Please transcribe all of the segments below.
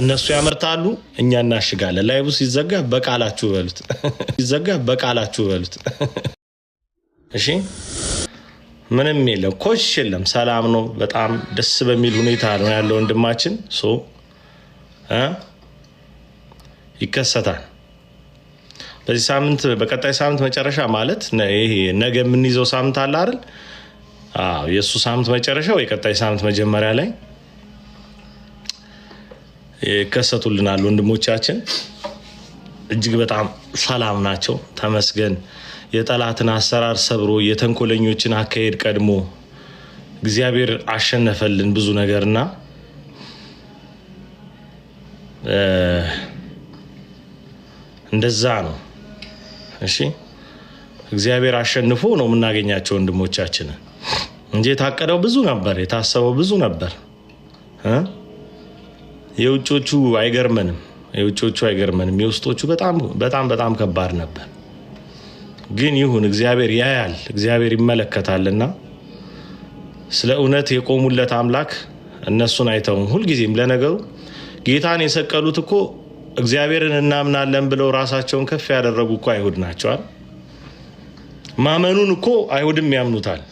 እነሱ ያመርታሉ፣ እኛ እናሽጋለን። ላይቡ ሲዘጋ በቃላችሁ በሉት፣ ሲዘጋ በቃላችሁ በሉት። እሺ ምንም የለም፣ ኮሽ የለም፣ ሰላም ነው። በጣም ደስ በሚል ሁኔታ ነው ያለው ወንድማችን ይከሰታል። በዚህ ሳምንት በቀጣይ ሳምንት መጨረሻ ማለት ይሄ ነገ የምንይዘው ሳምንት አለ አይደል? የእሱ ሳምንት መጨረሻ ወይ ቀጣይ ሳምንት መጀመሪያ ላይ ይከሰቱልናል። ወንድሞቻችን እጅግ በጣም ሰላም ናቸው፣ ተመስገን። የጠላትን አሰራር ሰብሮ የተንኮለኞችን አካሄድ ቀድሞ እግዚአብሔር አሸነፈልን ብዙ ነገርና እንደዛ ነው። እሺ እግዚአብሔር አሸንፎ ነው የምናገኛቸው ወንድሞቻችንን እንጂ የታቀደው ብዙ ነበር፣ የታሰበው ብዙ ነበር። የውጮቹ አይገርመንም የውጮቹ አይገርመንም። የውስጦቹ በጣም በጣም በጣም ከባድ ነበር። ግን ይሁን እግዚአብሔር ያያል፣ እግዚአብሔር ይመለከታልና ስለ እውነት የቆሙለት አምላክ እነሱን አይተውም። ሁልጊዜም ለነገሩ ጌታን የሰቀሉት እኮ እግዚአብሔርን እናምናለን ብለው ራሳቸውን ከፍ ያደረጉ እኮ አይሁድ ናቸዋል። ማመኑን እኮ አይሁድም ያምኑታል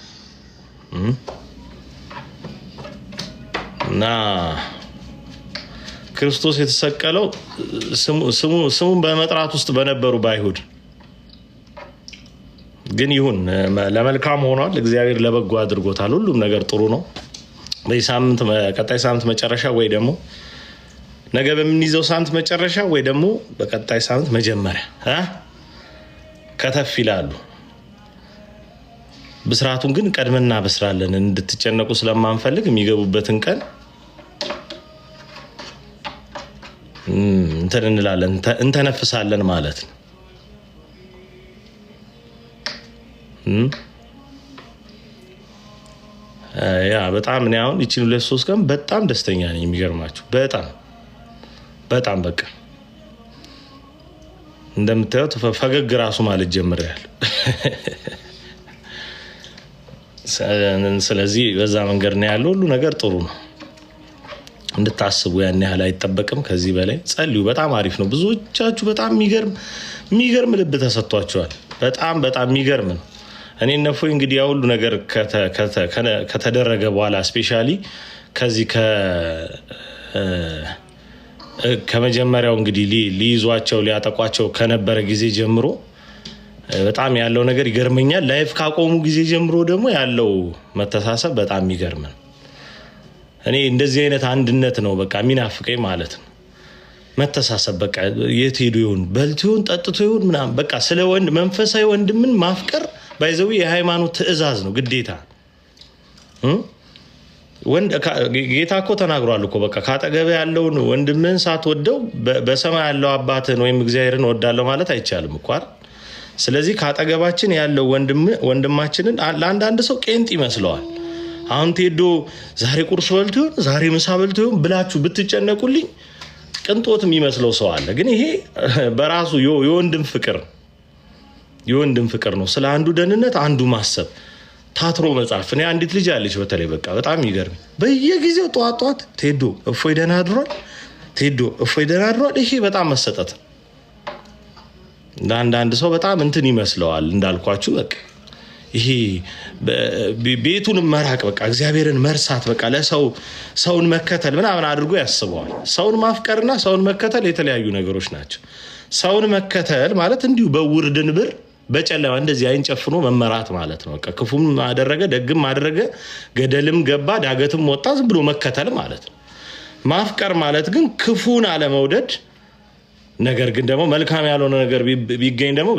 እና ክርስቶስ የተሰቀለው ስሙን በመጥራት ውስጥ በነበሩ በአይሁድ ግን ይሁን ለመልካም ሆኗል። እግዚአብሔር ለበጎ አድርጎታል። ሁሉም ነገር ጥሩ ነው። በዚህ ሳምንት ቀጣይ ሳምንት መጨረሻ ወይ ደግሞ ነገ በምንይዘው ሳምንት መጨረሻ ወይ ደግሞ በቀጣይ ሳምንት መጀመሪያ ከተፍ ይላሉ። ብስራቱን ግን ቀድመና በስራለን እንድትጨነቁ ስለማንፈልግ የሚገቡበትን ቀን እንትን እንላለን እንተነፍሳለን ማለት ነው። ያ በጣም እኔ አሁን ይችን ሁለት ሶስት ቀን በጣም ደስተኛ ነኝ። የሚገርማችሁ በጣም በጣም በቃ እንደምታዩት ፈገግ ራሱ ማለት ጀምሬያለሁ። ስለዚህ በዛ መንገድ ነው ያለው። ሁሉ ነገር ጥሩ ነው። እንድታስቡ ያን ያህል አይጠበቅም። ከዚህ በላይ ጸልዩ። በጣም አሪፍ ነው። ብዙዎቻችሁ በጣም የሚገርም የሚገርም ልብ ተሰጥቷቸዋል። በጣም በጣም የሚገርም ነው። እኔ ነፎ እንግዲህ ያ ሁሉ ነገር ከተደረገ በኋላ ስፔሻሊ ከዚህ ከመጀመሪያው እንግዲህ ሊይዟቸው ሊያጠቋቸው ከነበረ ጊዜ ጀምሮ በጣም ያለው ነገር ይገርመኛል። ላይፍ ካቆሙ ጊዜ ጀምሮ ደግሞ ያለው መተሳሰብ በጣም ይገርም ነው። እኔ እንደዚህ አይነት አንድነት ነው በቃ የሚናፍቀኝ ማለት ነው። መተሳሰብ በቃ የት ሄዱ ይሁን በልቶ ጠጥቶ ይሁን ምናምን በቃ ስለ ወንድ መንፈሳዊ ወንድምን ማፍቀር ባይዘዊ የሃይማኖት ትዕዛዝ ነው ግዴታ። ጌታ እኮ ተናግሯል እኮ በቃ ካጠገብ ያለውን ወንድምህን ሳትወደው በሰማይ ያለው አባትህን ወይም እግዚአብሔርን ወዳለው ማለት አይቻልም እኮ አይደል? ስለዚህ ካጠገባችን ያለው ወንድማችንን ለአንዳንድ ሰው ቄንጥ ይመስለዋል። አሁን ቴዶ ዛሬ ቁርስ በልቶ ይሆን ዛሬ ምሳ በልቶ ይሆን ብላችሁ ብትጨነቁልኝ ቅንጦት የሚመስለው ሰው አለ። ግን ይሄ በራሱ የወንድም ፍቅር የወንድም ፍቅር ነው። ስለ አንዱ ደህንነት አንዱ ማሰብ ታትሮ መጽሐፍ። እኔ አንዲት ልጅ አለች በተለይ በቃ በጣም ይገርም። በየጊዜው ጠዋት ጠዋት ቴዶ እፎይ ደህና አድሯል፣ ቴዶ እፎይ ደህና አድሯል። ይሄ በጣም መሰጠት ለአንዳንድ ሰው በጣም እንትን ይመስለዋል እንዳልኳችሁ በቃ ይሄ ቤቱን መራቅ በቃ እግዚአብሔርን መርሳት በቃ ለሰው ሰውን መከተል ምናምን አድርጎ ያስበዋል። ሰውን ማፍቀርና ሰውን መከተል የተለያዩ ነገሮች ናቸው። ሰውን መከተል ማለት እንዲሁ በውርድን ድንብር በጨለማ እንደዚህ አይን ጨፍኖ መመራት ማለት ነው። ክፉም አደረገ ደግም አደረገ፣ ገደልም ገባ ዳገትም ወጣ ዝም ብሎ መከተል ማለት ነው። ማፍቀር ማለት ግን ክፉን አለመውደድ ነገር ግን ደግሞ መልካም ያልሆነ ነገር ቢገኝ ደግሞ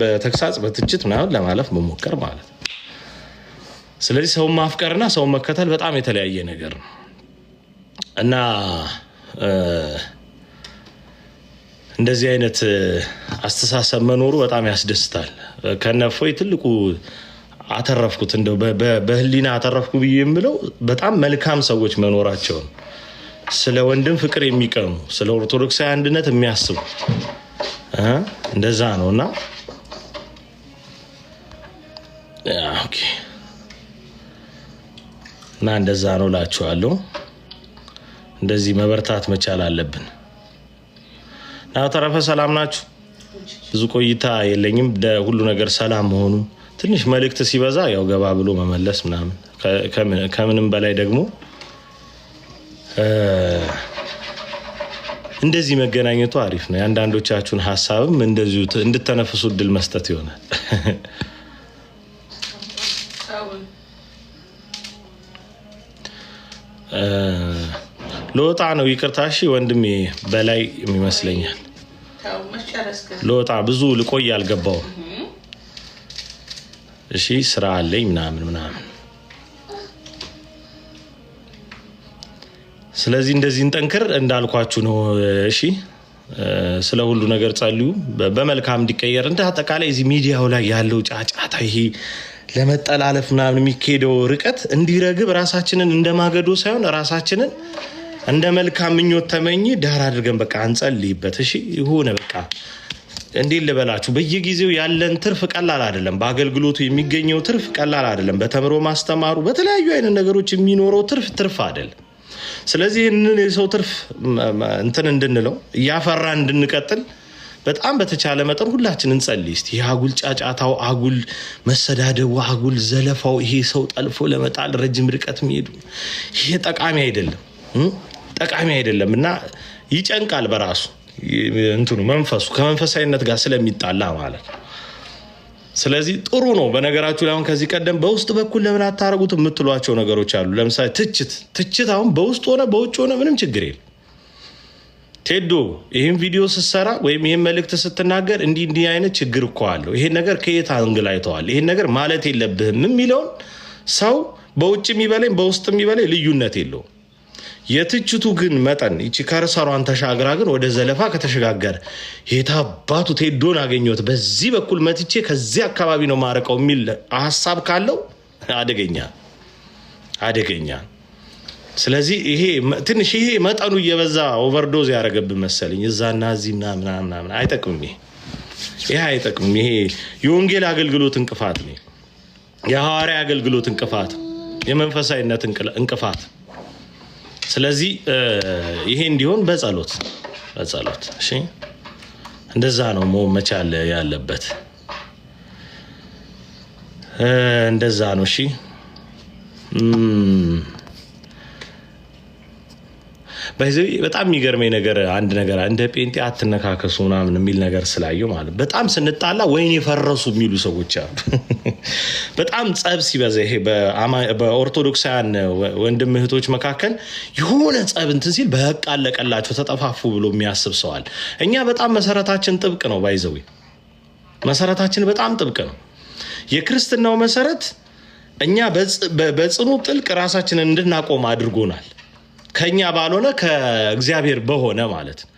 በተግሳጽ በትችት ምናምን ለማለፍ መሞከር ማለት ነው። ስለዚህ ሰውን ማፍቀርና ሰውን መከተል በጣም የተለያየ ነገር ነው እና እንደዚህ አይነት አስተሳሰብ መኖሩ በጣም ያስደስታል። ከነፎይ ትልቁ አተረፍኩት እንደው በህሊና አተረፍኩ ብዬ የምለው በጣም መልካም ሰዎች መኖራቸውን ስለ ወንድም ፍቅር የሚቀኑ ስለ ኦርቶዶክሳዊ አንድነት የሚያስቡ እንደዛ ነው እና እና እንደዛ ነው እላችኋለሁ። እንደዚህ መበርታት መቻል አለብን። እና ተረፈ ሰላም ናችሁ? ብዙ ቆይታ የለኝም። ሁሉ ነገር ሰላም መሆኑ ትንሽ መልእክት ሲበዛ ያው ገባ ብሎ መመለስ ምናምን ከምንም በላይ ደግሞ እንደዚህ መገናኘቱ አሪፍ ነው። የአንዳንዶቻችሁን ሀሳብም እንደዚሁ እንድተነፍሱ እድል መስጠት ይሆናል። ለወጣ ነው። ይቅርታ እሺ ወንድሜ፣ በላይ ይመስለኛል። ለወጣ ብዙ ልቆይ አልገባውም። እሺ ስራ አለኝ ምናምን ምናምን ስለዚህ እንደዚህ እንጠንክር እንዳልኳችሁ ነው። እሺ ስለ ሁሉ ነገር ጸልዩ፣ በመልካም እንዲቀየር። እንደ አጠቃላይ እዚህ ሚዲያው ላይ ያለው ጫጫታ ይሄ ለመጠላለፍ ምናምን የሚካሄደው ርቀት እንዲረግብ ራሳችንን እንደ ማገዶ ሳይሆን ራሳችንን እንደ መልካም ምኞት ተመኝ ዳር አድርገን በቃ አንጸልይበት። እሺ ይሆነ በቃ እንዴት ልበላችሁ፣ በየጊዜው ያለን ትርፍ ቀላል አይደለም። በአገልግሎቱ የሚገኘው ትርፍ ቀላል አይደለም። በተምሮ ማስተማሩ፣ በተለያዩ አይነት ነገሮች የሚኖረው ትርፍ ትርፍ አይደለም። ስለዚህ ይህንን የሰው ትርፍ እንትን እንድንለው እያፈራ እንድንቀጥል በጣም በተቻለ መጠን ሁላችን እንጸልይ እስቲ። ይህ አጉል ጫጫታው፣ አጉል መሰዳደቡ፣ አጉል ዘለፋው፣ ይሄ ሰው ጠልፎ ለመጣል ረጅም ርቀት የሚሄዱ ይሄ ጠቃሚ አይደለም፣ ጠቃሚ አይደለም እና ይጨንቃል በራሱ እንትኑ መንፈሱ ከመንፈሳዊነት ጋር ስለሚጣላ ማለት ነው። ስለዚህ ጥሩ ነው። በነገራችሁ ላይ አሁን ከዚህ ቀደም በውስጥ በኩል ለምን አታረጉት የምትሏቸው ነገሮች አሉ። ለምሳሌ ትችት ትችት፣ አሁን በውስጥ ሆነ በውጭ ሆነ ምንም ችግር የለም። ቴዶ ይህን ቪዲዮ ስትሰራ ወይም ይህን መልእክት ስትናገር እንዲህ እንዲህ አይነት ችግር እኮ አለው፣ ይሄን ነገር ከየት አንግል አይተዋል፣ ይሄን ነገር ማለት የለብህም የሚለውን ሰው በውጭ የሚበላኝ በውስጥ የሚበላኝ ልዩነት የለውም። የትችቱ ግን መጠን ይቺ ከርሰሯን ተሻግራ ግን ወደ ዘለፋ ከተሸጋገረ አባቱ ቴዶን አገኘት በዚህ በኩል መትቼ ከዚህ አካባቢ ነው ማረቀው የሚል ሀሳብ ካለው አደገኛ አደገኛ። ስለዚህ ይሄ ትንሽ ይሄ መጠኑ እየበዛ ኦቨርዶዝ ያደረገብን መሰለኝ። እዛና እዚህ ምናምን ምናምን አይጠቅምም። ይሄ ይሄ አይጠቅምም። ይሄ የወንጌል አገልግሎት እንቅፋት ነው። የሐዋርያ አገልግሎት እንቅፋት፣ የመንፈሳዊነት እንቅፋት ስለዚህ ይሄ እንዲሆን በጸሎት በጸሎት እሺ፣ እንደዛ ነው መቻል ያለበት እንደዛ ነው። እሺ በጣም የሚገርመኝ ነገር አንድ ነገር እንደ ጴንጤ አትነካከሱ ምናምን የሚል ነገር ስላየው ማለት በጣም ስንጣላ ወይን የፈረሱ የሚሉ ሰዎች አሉ። በጣም ጸብ ሲበዛ ይሄ በኦርቶዶክሳውያን ወንድም እህቶች መካከል የሆነ ጸብ እንትን ሲል በቃ አለቀላቸው ተጠፋፉ ብሎ የሚያስብ ሰዋል። እኛ በጣም መሰረታችን ጥብቅ ነው። ባይዘዊ መሰረታችን በጣም ጥብቅ ነው። የክርስትናው መሰረት እኛ በጽኑ ጥልቅ ራሳችንን እንድናቆም አድርጎናል። ከኛ ባልሆነ ከእግዚአብሔር በሆነ ማለት ነው።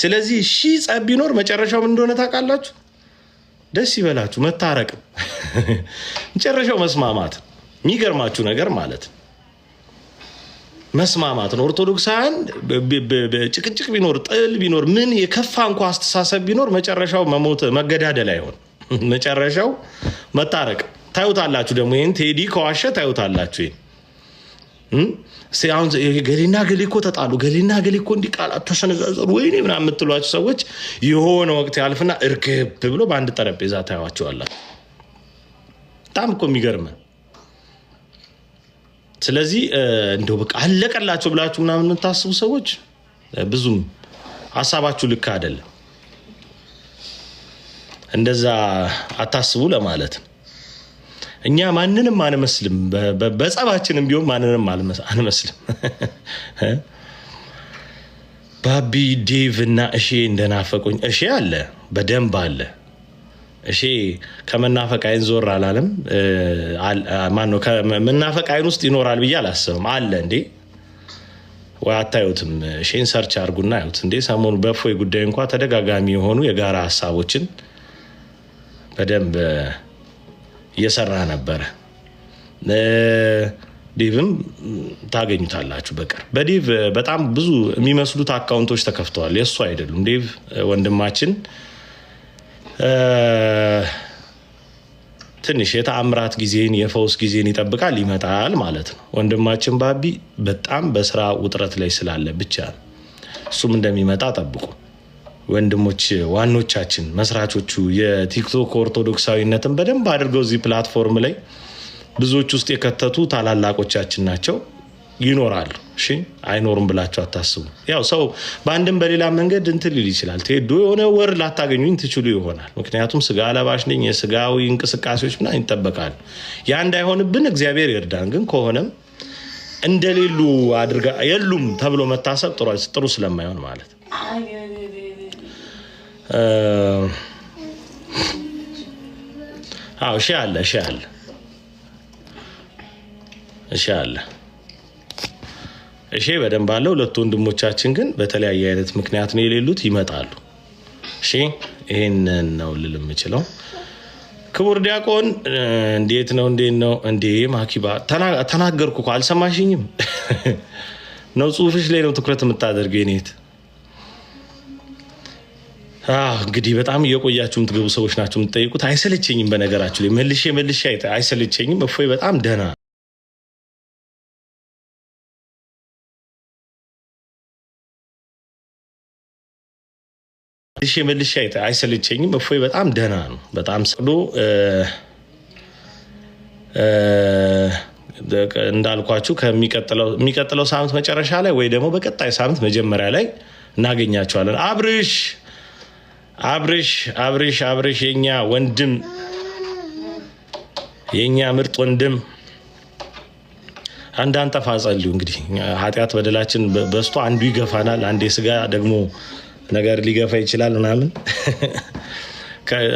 ስለዚህ ሺ ጸብ ቢኖር መጨረሻው ምን እንደሆነ ታውቃላችሁ። ደስ ይበላችሁ፣ መታረቅ መጨረሻው መስማማት፣ የሚገርማችሁ ነገር ማለት ነው መስማማት ነው። ኦርቶዶክሳውያን ጭቅጭቅ ቢኖር ጥል ቢኖር ምን የከፋ እንኳ አስተሳሰብ ቢኖር መጨረሻው መሞት መገዳደል አይሆን፣ መጨረሻው መታረቅ ታዩታላችሁ። ደግሞ ይህን ቴዲ ከዋሸ ታዩታላችሁ ይህን አሁን ገሌና ገሌ እኮ ተጣሉ፣ ገሌና ገሌ እኮ እንዲህ ቃላት ተሰነዛዘሩ፣ ወይኔ ምናምን የምትሏቸው ሰዎች የሆነ ወቅት ያልፍና እርግብ ብሎ በአንድ ጠረጴዛ ታያቸዋላችሁ። በጣም እኮ የሚገርም። ስለዚህ እንደው በቃ አለቀላቸው ብላችሁ ምናምን የምታስቡ ሰዎች ብዙም ሀሳባችሁ ልክ አይደለም። እንደዛ አታስቡ ለማለት ነው። እኛ ማንንም አንመስልም። በጸባችንም ቢሆን ማንንም አንመስልም። ባቢ ዴቭ እና እሼ እንደናፈቁኝ እሼ አለ በደንብ አለ። እሼ ከመናፈቅ አይን ዞር አላለም። ማነው ከመናፈቅ አይን ውስጥ ይኖራል ብዬ አላስብም። አለ እንዴ ወይ አታዩትም? እሼን ሰርች አድርጉና አዩት እንዴ። ሰሞኑ በፎይ ጉዳይ እንኳ ተደጋጋሚ የሆኑ የጋራ ሀሳቦችን በደንብ እየሰራ ነበረ። ዲቭም ታገኙታላችሁ በቅርብ። በዴቭ በጣም ብዙ የሚመስሉት አካውንቶች ተከፍተዋል። የእሱ አይደሉም። ዲቭ ወንድማችን ትንሽ የተአምራት ጊዜን የፈውስ ጊዜን ይጠብቃል፣ ይመጣል ማለት ነው። ወንድማችን ባቢ በጣም በስራ ውጥረት ላይ ስላለ ብቻ እሱም እንደሚመጣ ጠብቁ። ወንድሞች ዋኖቻችን መስራቾቹ የቲክቶክ ኦርቶዶክሳዊነትን በደንብ አድርገው እዚህ ፕላትፎርም ላይ ብዙዎች ውስጥ የከተቱ ታላላቆቻችን ናቸው። ይኖራሉ። እሺ አይኖሩም ብላችሁ አታስቡ። ያው ሰው በአንድም በሌላ መንገድ እንትን ሊል ይችላል። ትሄዱ የሆነ ወር ላታገኙኝ ትችሉ ይሆናል። ምክንያቱም ስጋ ለባሽ ነኝ። የስጋዊ እንቅስቃሴዎች ምናምን ይጠበቃሉ። ያ እንዳይሆንብን እግዚአብሔር ይርዳን። ግን ከሆነም እንደሌሉ አድርጋ የሉም ተብሎ መታሰብ ጥሩ ስለማይሆን ማለት አዎ ሺህ አለ ሺህ አለ እሺ አለ እሺ በደንብ አለ። ሁለቱ ወንድሞቻችን ግን በተለያየ አይነት ምክንያት ነው የሌሉት፣ ይመጣሉ። እሺ ይሄንን ነው ልል የምችለው። ክቡር ዲያቆን እንዴት ነው? እንዴት ነው? እንዴ ማኪባ ተናገርኩ እኮ አልሰማሽኝም? ነው ጽሁፍሽ ላይ ነው ትኩረት የምታደርገው የኔት እንግዲህ በጣም እየቆያችሁ የምትገቡ ሰዎች ናቸው የምትጠይቁት። አይሰለቸኝም፣ በነገራችሁ ላይ መልሼ መልሼ አይሰለቸኝም። እፎይ በጣም ደህና መልሼ አይተ አይሰለቸኝም። እፎይ በጣም ደህና ነው። በጣም ሰዶ እንዳልኳችሁ ከሚቀጥለው ሳምንት መጨረሻ ላይ ወይ ደግሞ በቀጣይ ሳምንት መጀመሪያ ላይ እናገኛቸዋለን አብርሽ አብርሽ አብርሽ አብርሽ የኛ ወንድም የኛ ምርጥ ወንድም አንድ አንጠፋ ጸልዩ። እንግዲህ ኃጢአት በደላችን በስቶ አንዱ ይገፋናል፣ አንዴ ስጋ ደግሞ ነገር ሊገፋ ይችላል ምናምን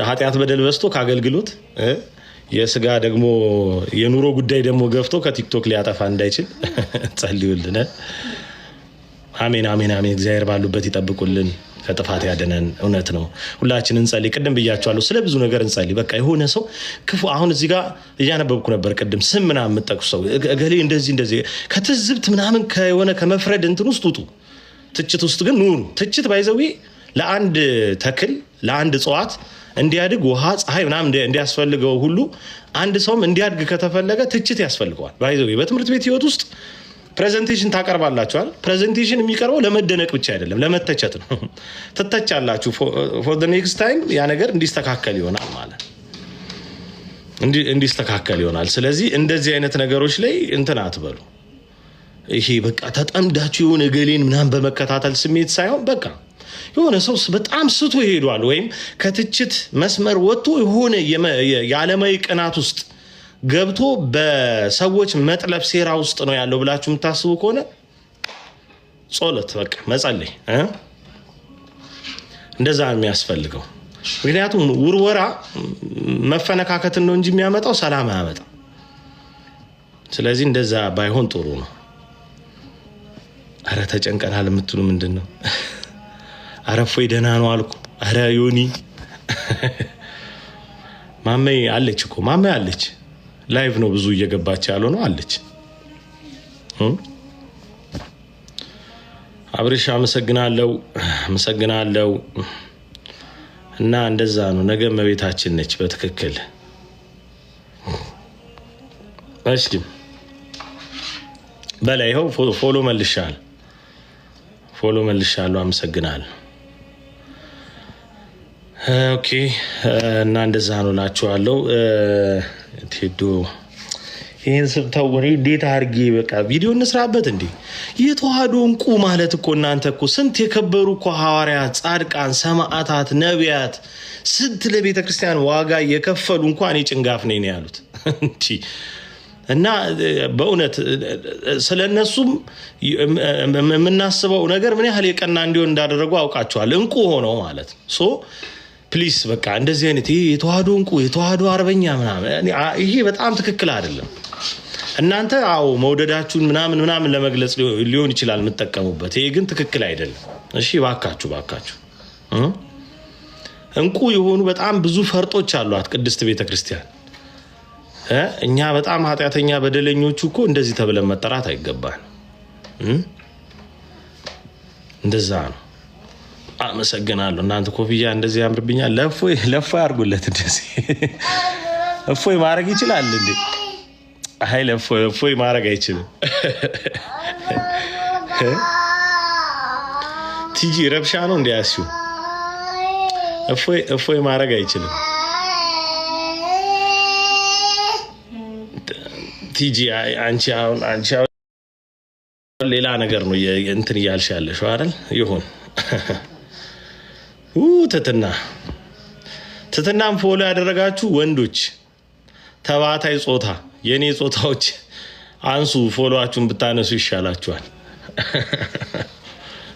ኃጢአት በደል በስቶ ከአገልግሎት የስጋ ደግሞ የኑሮ ጉዳይ ደግሞ ገፍቶ ከቲክቶክ ሊያጠፋ እንዳይችል ጸልዩልን። አሜን አሜን አሜን። እግዚአብሔር ባሉበት ይጠብቁልን። ከጥፋት ያደነን እውነት ነው። ሁላችን እንጸልይ። ቅድም ብያቸዋለሁ፣ ስለ ብዙ ነገር እንጸልይ። በቃ የሆነ ሰው ክፉ አሁን እዚህ ጋር እያነበብኩ ነበር ቅድም ስም ምናምን የምጠቅሱ ሰው እገሌ እንደዚህ እንደዚህ ከትዝብት ምናምን ከሆነ ከመፍረድ እንትን ውስጥ ውጡ። ትችት ውስጥ ግን ኑሩ። ትችት ባይዘዊ ለአንድ ተክል ለአንድ እጽዋት እንዲያድግ ውሃ፣ ፀሐይ ምናምን እንዲያስፈልገው ሁሉ አንድ ሰውም እንዲያድግ ከተፈለገ ትችት ያስፈልገዋል። ባይዘዊ በትምህርት ቤት ህይወት ውስጥ ፕሬዘንቴሽን ታቀርባላችኋል። ፕሬዘንቴሽን የሚቀርበው ለመደነቅ ብቻ አይደለም፣ ለመተቸት ነው። ትተቻላችሁ። ፎር ኔክስት ታይም ያ ነገር እንዲስተካከል ይሆናል ማለት እንዲስተካከል ይሆናል። ስለዚህ እንደዚህ አይነት ነገሮች ላይ እንትን አትበሉ። ይሄ በቃ ተጠምዳችሁ የሆነ ገሌን ምናምን በመከታተል ስሜት ሳይሆን በቃ የሆነ ሰው በጣም ስቶ ይሄዷል ወይም ከትችት መስመር ወጥቶ የሆነ የዓለማዊ ቅናት ውስጥ ገብቶ በሰዎች መጥለብ ሴራ ውስጥ ነው ያለው ብላችሁ የምታስቡ ከሆነ ጸሎት፣ በቃ መጸለይ እንደዛ የሚያስፈልገው ምክንያቱም ውርወራ መፈነካከትን ነው እንጂ የሚያመጣው ሰላም አያመጣም። ስለዚህ እንደዛ ባይሆን ጥሩ ነው። አረ ተጨንቀናል የምትሉ ምንድን ነው? አረ እፎይ ደህና ነው አልኩ። አረ ዮኒ ማመይ አለች እኮ ማመይ አለች። ላይቭ ነው ብዙ እየገባች ያለው ነው አለች። አብሬሽ አመሰግናለው፣ አመሰግናለው። እና እንደዛ ነው። ነገ እመቤታችን ነች። በትክክል እሺ። በላይ ይኸው ፎሎ መልሻል፣ ፎሎ መልሻለሁ። አመሰግናለሁ። ኦኬ። እና እንደዛ ነው ነገ መቤታችን ነች በትክክል እሺ በላይ ይኸው ፎሎ መልሻል ፎሎ መልሻለሁ አመሰግናለሁ ኦኬ እና እንደዛ ነው እላችኋለሁ ቴዶ ይህን ስብተው እንዴት አድርጌ በቃ ቪዲዮ እንስራበት እንዴ! የተዋህዶ እንቁ ማለት እኮ እናንተ እኮ ስንት የከበሩ እኮ ሐዋርያት፣ ጻድቃን፣ ሰማዕታት፣ ነቢያት ስንት ለቤተ ክርስቲያን ዋጋ የከፈሉ እንኳን የጭንጋፍ ነኝ ነው ያሉት እንዲ እና በእውነት ስለ እነሱም የምናስበው ነገር ምን ያህል የቀና እንዲሆን እንዳደረጉ አውቃቸዋል። እንቁ ሆነው ማለት ነው። ፕሊስ በቃ እንደዚህ አይነት ይሄ የተዋህዶ እንቁ የተዋህዶ አርበኛ ምናምን ይሄ በጣም ትክክል አይደለም። እናንተ አዎ መውደዳችሁን ምናምን ምናምን ለመግለጽ ሊሆን ይችላል የምጠቀሙበት፣ ይሄ ግን ትክክል አይደለም። እሺ ባካችሁ፣ ባካችሁ እንቁ የሆኑ በጣም ብዙ ፈርጦች አሏት ቅድስት ቤተ ክርስቲያን። እኛ በጣም ኃጢአተኛ በደለኞቹ እኮ እንደዚህ ተብለን መጠራት አይገባን። እንደዛ ነው። አመሰግናለሁ። እናንተ ኮፍያ እንደዚህ ያምርብኛል። ለፎይ ለፎይ አድርጉለት። እንደዚህ እፎይ ማድረግ ይችላል እንዴ? አይ ለፎይ እፎይ ማድረግ አይችልም። ቲጂ ረብሻ ነው እንዲ ያስዩ እፎይ እፎይ ማድረግ አይችልም። ቲጂ አንቺ አሁን አንቺ አሁን ሌላ ነገር ነው እንትን እያልሽ ያለሽው አይደል? ይሁን ትትና ትትናም ፎሎ ያደረጋችሁ ወንዶች ተባታይ ጾታ የእኔ ጾታዎች አንሱ፣ ፎሎዋችሁን ብታነሱ ይሻላችኋል።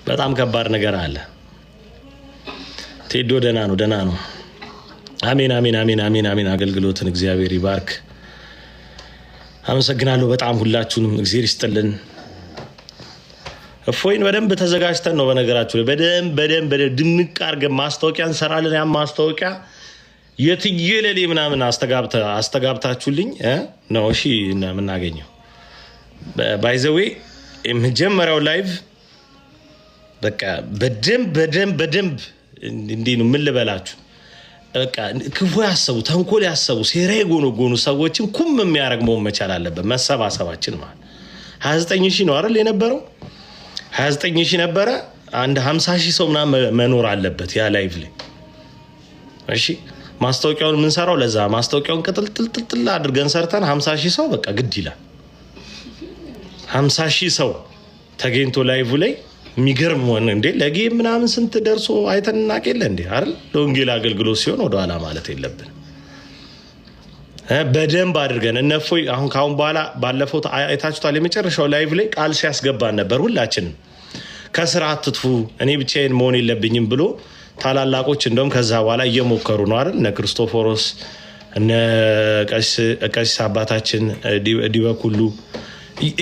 በጣም ከባድ ነገር አለ። ቴዶ ደህና ነው፣ ደህና ነው። አሜን፣ አሜን፣ አሜን፣ አሜን፣ አሜን። አገልግሎትን እግዚአብሔር ይባርክ። አመሰግናለሁ በጣም ሁላችሁንም፣ እግዚአብሔር ይስጥልን። እፎይን በደንብ ተዘጋጅተን ነው። በነገራችሁ ላይ በደንብ በደንብ በደንብ ድንቅ አድርገን ማስታወቂያ እንሰራለን። ያም ማስታወቂያ የትየለሌ ምናምን አስተጋብታችሁልኝ ነው እሺ የምናገኘው። ባይዘዌ የመጀመሪያው ላይቭ በቃ በደንብ በደንብ በደንብ እንዴ ነው ምን ልበላችሁ፣ በቃ ክፉ ያሰቡ ተንኮል ያሰቡ ሴራ የጎነጎኑ ሰዎችን ኩም የሚያደርግ መሆን መቻል አለበት መሰባሰባችን ማለት 29 ሺህ ነው አይደል የነበረው 29 ሺህ ነበረ። አንድ 50 ሺህ ሰው ምናምን መኖር አለበት ያ ላይቭ ላይ። እሺ ማስታወቂያውን የምንሰራው ለዛ ማስታወቂያውን ቅጥልጥልጥል አድርገን ሰርተን 50 ሺህ ሰው በቃ ግድ ይላል። 50 ሺህ ሰው ተገኝቶ ላይቭ ላይ የሚገርም ሆነ እንዴ! ለጌም ምናምን ስንት ደርሶ አይተን እናቅ የለ እንዴ አይደል? ለወንጌል አገልግሎት ሲሆን ወደኋላ ማለት የለብን። በደንብ አድርገን እነፎይ አሁን ካሁን በኋላ ባለፈው አይታችኋል። የመጨረሻው ላይቭ ላይ ቃል ሲያስገባን ነበር። ሁላችንም ከስራ አትጥፉ፣ እኔ ብቻዬን መሆን የለብኝም ብሎ ታላላቆች እንደውም ከዛ በኋላ እየሞከሩ ነው አይደል? እነ ክርስቶፎሮስ እነ ቀሲስ አባታችን ዲበኩሉ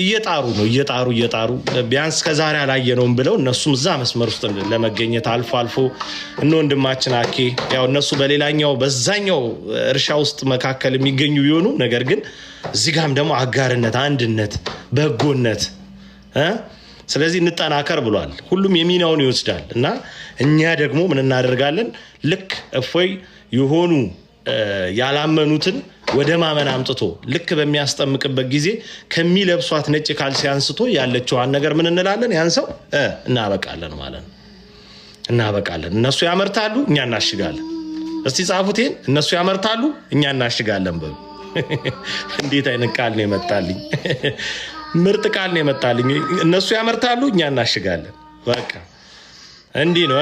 እየጣሩ ነው እየጣሩ እየጣሩ ቢያንስ ከዛሬ አላየነውም ብለው እነሱም እዛ መስመር ውስጥ ለመገኘት አልፎ አልፎ እነ ወንድማችን አኬ ያው እነሱ በሌላኛው በዛኛው እርሻ ውስጥ መካከል የሚገኙ ቢሆኑ ነገር ግን እዚህ ጋም ደግሞ አጋርነት፣ አንድነት፣ በጎነት ስለዚህ እንጠናከር ብሏል። ሁሉም የሚናውን ይወስዳል እና እኛ ደግሞ ምን እናደርጋለን ልክ እፎይ የሆኑ ያላመኑትን ወደ ማመን አምጥቶ ልክ በሚያስጠምቅበት ጊዜ ከሚለብሷት ነጭ ካልሲ አንስቶ ያለችዋን ነገር ምን እንላለን? ያን ሰው እናበቃለን ማለት ነው። እናበቃለን። እነሱ ያመርታሉ፣ እኛ እናሽጋለን። እስቲ ጻፉቴን። እነሱ ያመርታሉ፣ እኛ እናሽጋለን በሉ። እንዴት አይነት ቃል ነው የመጣልኝ! ምርጥ ቃል ነው የመጣልኝ። እነሱ ያመርታሉ፣ እኛ እናሽጋለን። በቃ እንዲህ ነው።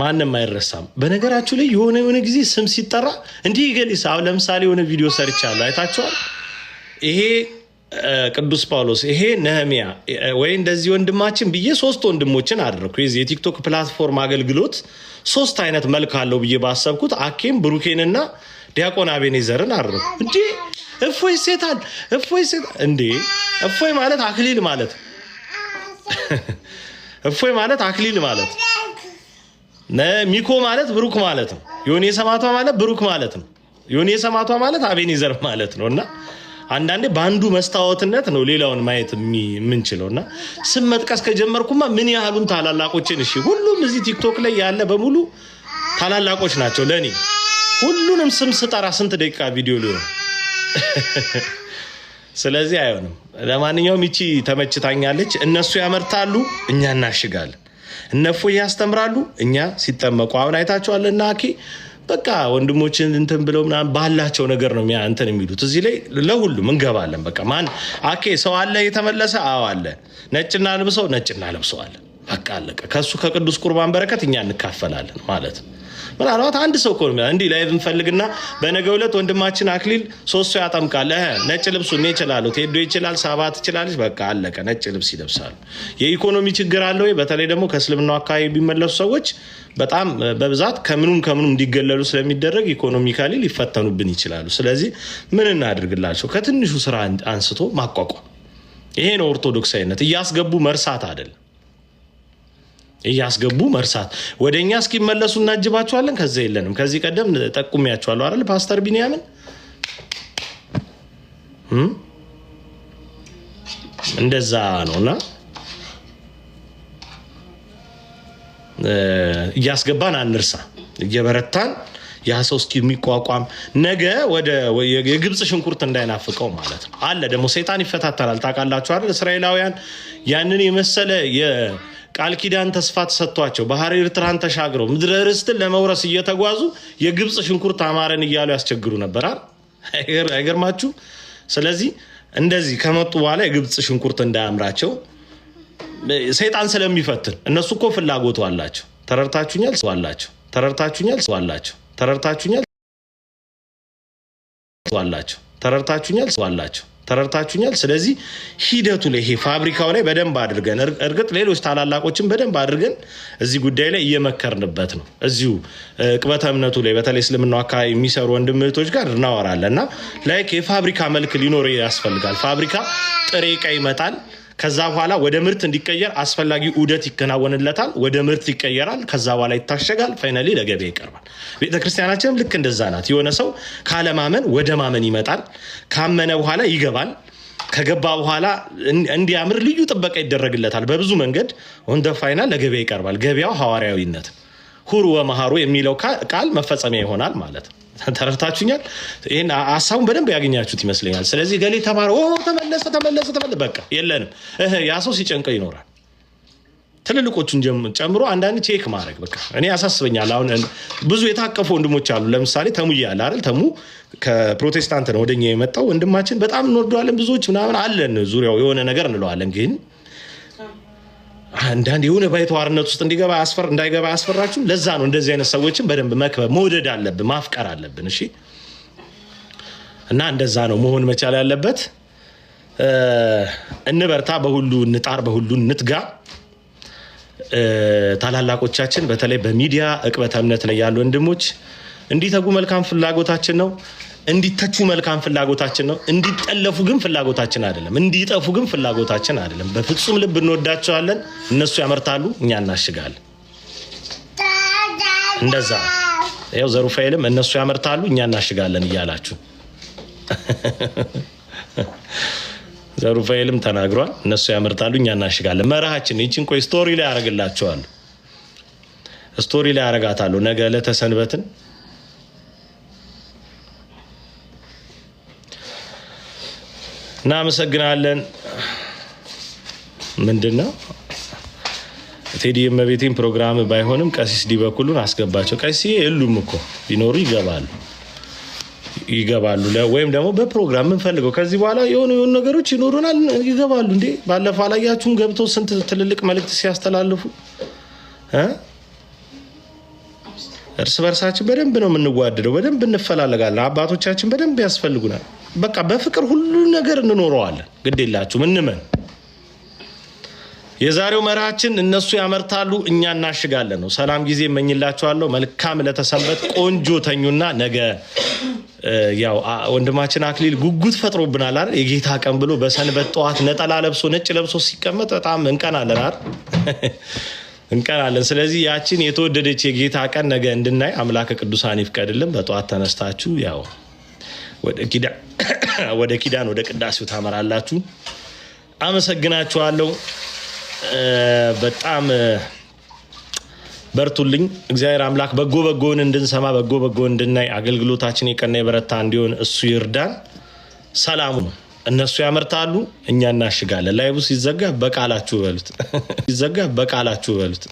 ማንም አይረሳም። በነገራችሁ ላይ የሆነ የሆነ ጊዜ ስም ሲጠራ እንዲህ ገሊሳ አሁን ለምሳሌ የሆነ ቪዲዮ ሰርቻለሁ አይታችኋል። ይሄ ቅዱስ ጳውሎስ ይሄ ነህሚያ ወይ እንደዚህ ወንድማችን ብዬ ሶስት ወንድሞችን አደረግኩ። የቲክቶክ ፕላትፎርም አገልግሎት ሶስት አይነት መልክ አለው ብዬ ባሰብኩት አኬም ብሩኬንና ዲያቆን አቤኔዘርን አደረግኩ። እንዴ እፎይ ሴታል እፎይ ሴታል እንዴ እፎይ ማለት አክሊል ማለት እፎይ ማለት አክሊል ማለት ሚኮ ማለት ብሩክ ማለት ነው። ዮኒ ሰማቷ ማለት ብሩክ ማለት ነው። ዮኒ ሰማቷ ማለት አቤኔዘር ማለት ነው እና አንዳንዴ በአንዱ መስታወትነት ነው ሌላውን ማየት የምንችለው እና ስም መጥቀስ ከጀመርኩማ ምን ያህሉን ታላላቆችን እሺ፣ ሁሉም እዚህ ቲክቶክ ላይ ያለ በሙሉ ታላላቆች ናቸው ለእኔ። ሁሉንም ስም ስጠራ ስንት ደቂቃ ቪዲዮ ሊሆን ስለዚህ አይሆንም። ለማንኛውም ይቺ ተመችታኛለች። እነሱ ያመርታሉ፣ እኛ እናሽጋለን። እነፎ ያስተምራሉ። እኛ ሲጠመቁ አሁን አይታቸዋል እና አኬ በቃ ወንድሞችን እንትን ብለው ምናምን ባላቸው ነገር ነው እንትን የሚሉት። እዚህ ላይ ለሁሉም እንገባለን። በቃ ማን አኬ ሰው አለ የተመለሰ አዎ አለ። ነጭና ልብሰው ነጭና ለብሰዋል። በቃ አለቀ። ከእሱ ከቅዱስ ቁርባን በረከት እኛ እንካፈላለን ማለት ነው። ምናልባት አንድ ሰው እኮ እንዲህ ላይ ብንፈልግና በነገ ዕለት ወንድማችን አክሊል ሶስት ሰው ያጠምቃል። ነጭ ልብሱ እኔ ይችላሉ፣ ቴዶ ይችላል፣ ሳባ ትችላለች። በቃ አለቀ። ነጭ ልብስ ይለብሳሉ። የኢኮኖሚ ችግር አለ ወይ? በተለይ ደግሞ ከእስልምናው አካባቢ የሚመለሱ ሰዎች በጣም በብዛት ከምኑም ከምኑም እንዲገለሉ ስለሚደረግ ኢኮኖሚካሊ ሊፈተኑብን ይችላሉ። ስለዚህ ምን እናድርግላቸው? ከትንሹ ስራ አንስቶ ማቋቋም። ይሄ ነው ኦርቶዶክሳዊነት። እያስገቡ መርሳት አይደለም። እያስገቡ መርሳት ወደ እኛ እስኪመለሱ እናጅባቸዋለን። ከዚ የለንም። ከዚህ ቀደም ጠቁሚያቸዋለሁ አይደል ፓስተር ቢንያምን እንደዛ ነው እና እያስገባን አንርሳ። እየበረታን ያ ሰው እስኪ የሚቋቋም ነገ ወደ የግብፅ ሽንኩርት እንዳይናፍቀው ማለት ነው። አለ ደግሞ ሰይጣን ይፈታተናል። ታውቃላችሁ አይደል እስራኤላውያን ያንን የመሰለ ቃል ኪዳን ተስፋ ተሰጥቷቸው ባህር ኤርትራን ተሻግረው ምድረ ርስትን ለመውረስ እየተጓዙ የግብፅ ሽንኩርት አማረን እያሉ ያስቸግሩ ነበር። አይገርማችሁ? ስለዚህ እንደዚህ ከመጡ በኋላ የግብፅ ሽንኩርት እንዳያምራቸው ሰይጣን ስለሚፈትን እነሱ እኮ ፍላጎቱ አላቸው። ተረድታችሁኛል? አላቸው። ተረድታችሁኛል? አላቸው። ተረድታችሁኛል? አላቸው። ተረድታችሁኛል? አላቸው። ተረድታችሁኛል። ስለዚህ ሂደቱ ላይ ይሄ ፋብሪካው ላይ በደንብ አድርገን እርግጥ ሌሎች ታላላቆችን በደንብ አድርገን እዚህ ጉዳይ ላይ እየመከርንበት ነው። እዚሁ ቅበተ እምነቱ ላይ በተለይ እስልምናው አካባቢ የሚሰሩ ወንድም እህቶች ጋር እናወራለን እና ላይክ የፋብሪካ መልክ ሊኖር ያስፈልጋል። ፋብሪካ ጥሬ ዕቃ ይመጣል። ከዛ በኋላ ወደ ምርት እንዲቀየር አስፈላጊ ዑደት ይከናወንለታል። ወደ ምርት ይቀየራል። ከዛ በኋላ ይታሸጋል። ፋይናሊ ለገበያ ይቀርባል። ቤተክርስቲያናችንም ልክ እንደዛ ናት። የሆነ ሰው ካለማመን ወደ ማመን ይመጣል። ካመነ በኋላ ይገባል። ከገባ በኋላ እንዲያምር ልዩ ጥበቃ ይደረግለታል። በብዙ መንገድ ወንደ ፋይናል ለገበያ ይቀርባል። ገበያው ሐዋርያዊነት፣ ሁሩ ወመሃሩ የሚለው ቃል መፈጸሚያ ይሆናል ማለት ነው። ተረድታችሁኛል? ይህን ሀሳቡን በደንብ ያገኛችሁት ይመስለኛል። ስለዚህ ገሌ ተማረ ተመለሰ ተመለሰ ተመለሰ በቃ የለንም። ያ ሰው ሲጨንቀ ይኖራል። ትልልቆቹን ጨምሮ አንዳንድ ቼክ ማድረግ በቃ እኔ ያሳስበኛል። አሁን ብዙ የታቀፉ ወንድሞች አሉ። ለምሳሌ ተሙ እያለ አይደል? ተሙ ከፕሮቴስታንት ነው ወደኛ የመጣው ወንድማችን፣ በጣም እንወደዋለን ብዙዎች ምናምን አለን። ዙሪያው የሆነ ነገር እንለዋለን ግን አንዳንድ የሆነ ባይተዋርነት ውስጥ እንዲገባ እንዳይገባ ያስፈራችሁ። ለዛ ነው እንደዚህ አይነት ሰዎችን በደንብ መክበብ መውደድ አለብን፣ ማፍቀር አለብን። እሺ እና እንደዛ ነው መሆን መቻል ያለበት። እንበርታ፣ በሁሉ እንጣር፣ በሁሉ እንትጋ። ታላላቆቻችን በተለይ በሚዲያ እቅበተ እምነት ላይ ያሉ ወንድሞች እንዲተጉ መልካም ፍላጎታችን ነው። እንዲተቹ መልካም ፍላጎታችን ነው። እንዲጠለፉ ግን ፍላጎታችን አይደለም። እንዲጠፉ ግን ፍላጎታችን አይደለም። በፍጹም ልብ እንወዳቸዋለን። እነሱ ያመርታሉ፣ እኛ እናሽጋለን። እንደዛ ያው ዘሩፋኤልም እነሱ ያመርታሉ፣ እኛ እናሽጋለን እያላችሁ ዘሩፋኤልም ተናግሯል። እነሱ ያመርታሉ፣ እኛ እናሽጋለን። መርሃችን ይችን ቆይ ስቶሪ ላይ ያደርግላቸዋሉ። ስቶሪ ላይ ያደርጋታሉ። ነገ ለተሰንበትን እናመሰግናለን። ምንድን ነው ቴዲ እመቤቴን ፕሮግራም ባይሆንም ቀሲስ ዲበኩሉን አስገባቸው። ቀሲስ የሉም እኮ ቢኖሩ ይገባሉ ይገባሉ ወይም ደግሞ በፕሮግራም የምንፈልገው ከዚህ በኋላ የሆኑ የሆኑ ነገሮች ይኖሩናል፣ ይገባሉ። እንዴ ባለፈው አላያችሁም ገብተው ስንት ትልልቅ መልእክት ሲያስተላልፉ እርስ በርሳችን በደንብ ነው የምንዋደደው፣ በደንብ እንፈላለጋለን። አባቶቻችን በደንብ ያስፈልጉናል። በቃ በፍቅር ሁሉ ነገር እንኖረዋለን። ግድ የላችሁም እንመን። የዛሬው መርሃችን እነሱ ያመርታሉ እኛ እናሽጋለን ነው። ሰላም ጊዜ እመኝላችኋለሁ። መልካም ለተሰንበት ቆንጆ ተኙና ነገ ያው ወንድማችን አክሊል ጉጉት ፈጥሮብናል አይደል? የጌታ ቀን ብሎ በሰንበት ጠዋት ነጠላ ለብሶ ነጭ ለብሶ ሲቀመጥ በጣም እንቀናለን አይደል? እንቀራለን። ስለዚህ ያችን የተወደደች የጌታ ቀን ነገ እንድናይ አምላከ ቅዱሳን ይፍቀድልን። በጠዋት ተነስታችሁ ያው ወደ ኪዳን ወደ ቅዳሴው ታመራላችሁ። አመሰግናችኋለሁ። በጣም በርቱልኝ። እግዚአብሔር አምላክ በጎ በጎን እንድንሰማ በጎ በጎን እንድናይ አገልግሎታችን የቀና የበረታ እንዲሆን እሱ ይርዳን። ሰላሙ ነው። እነሱ ያመርታሉ፣ እኛ እናሽጋለን። ላይቡ ሲዘጋ በቃላችሁ በሉት፣ ሲዘጋ በቃላችሁ በሉት።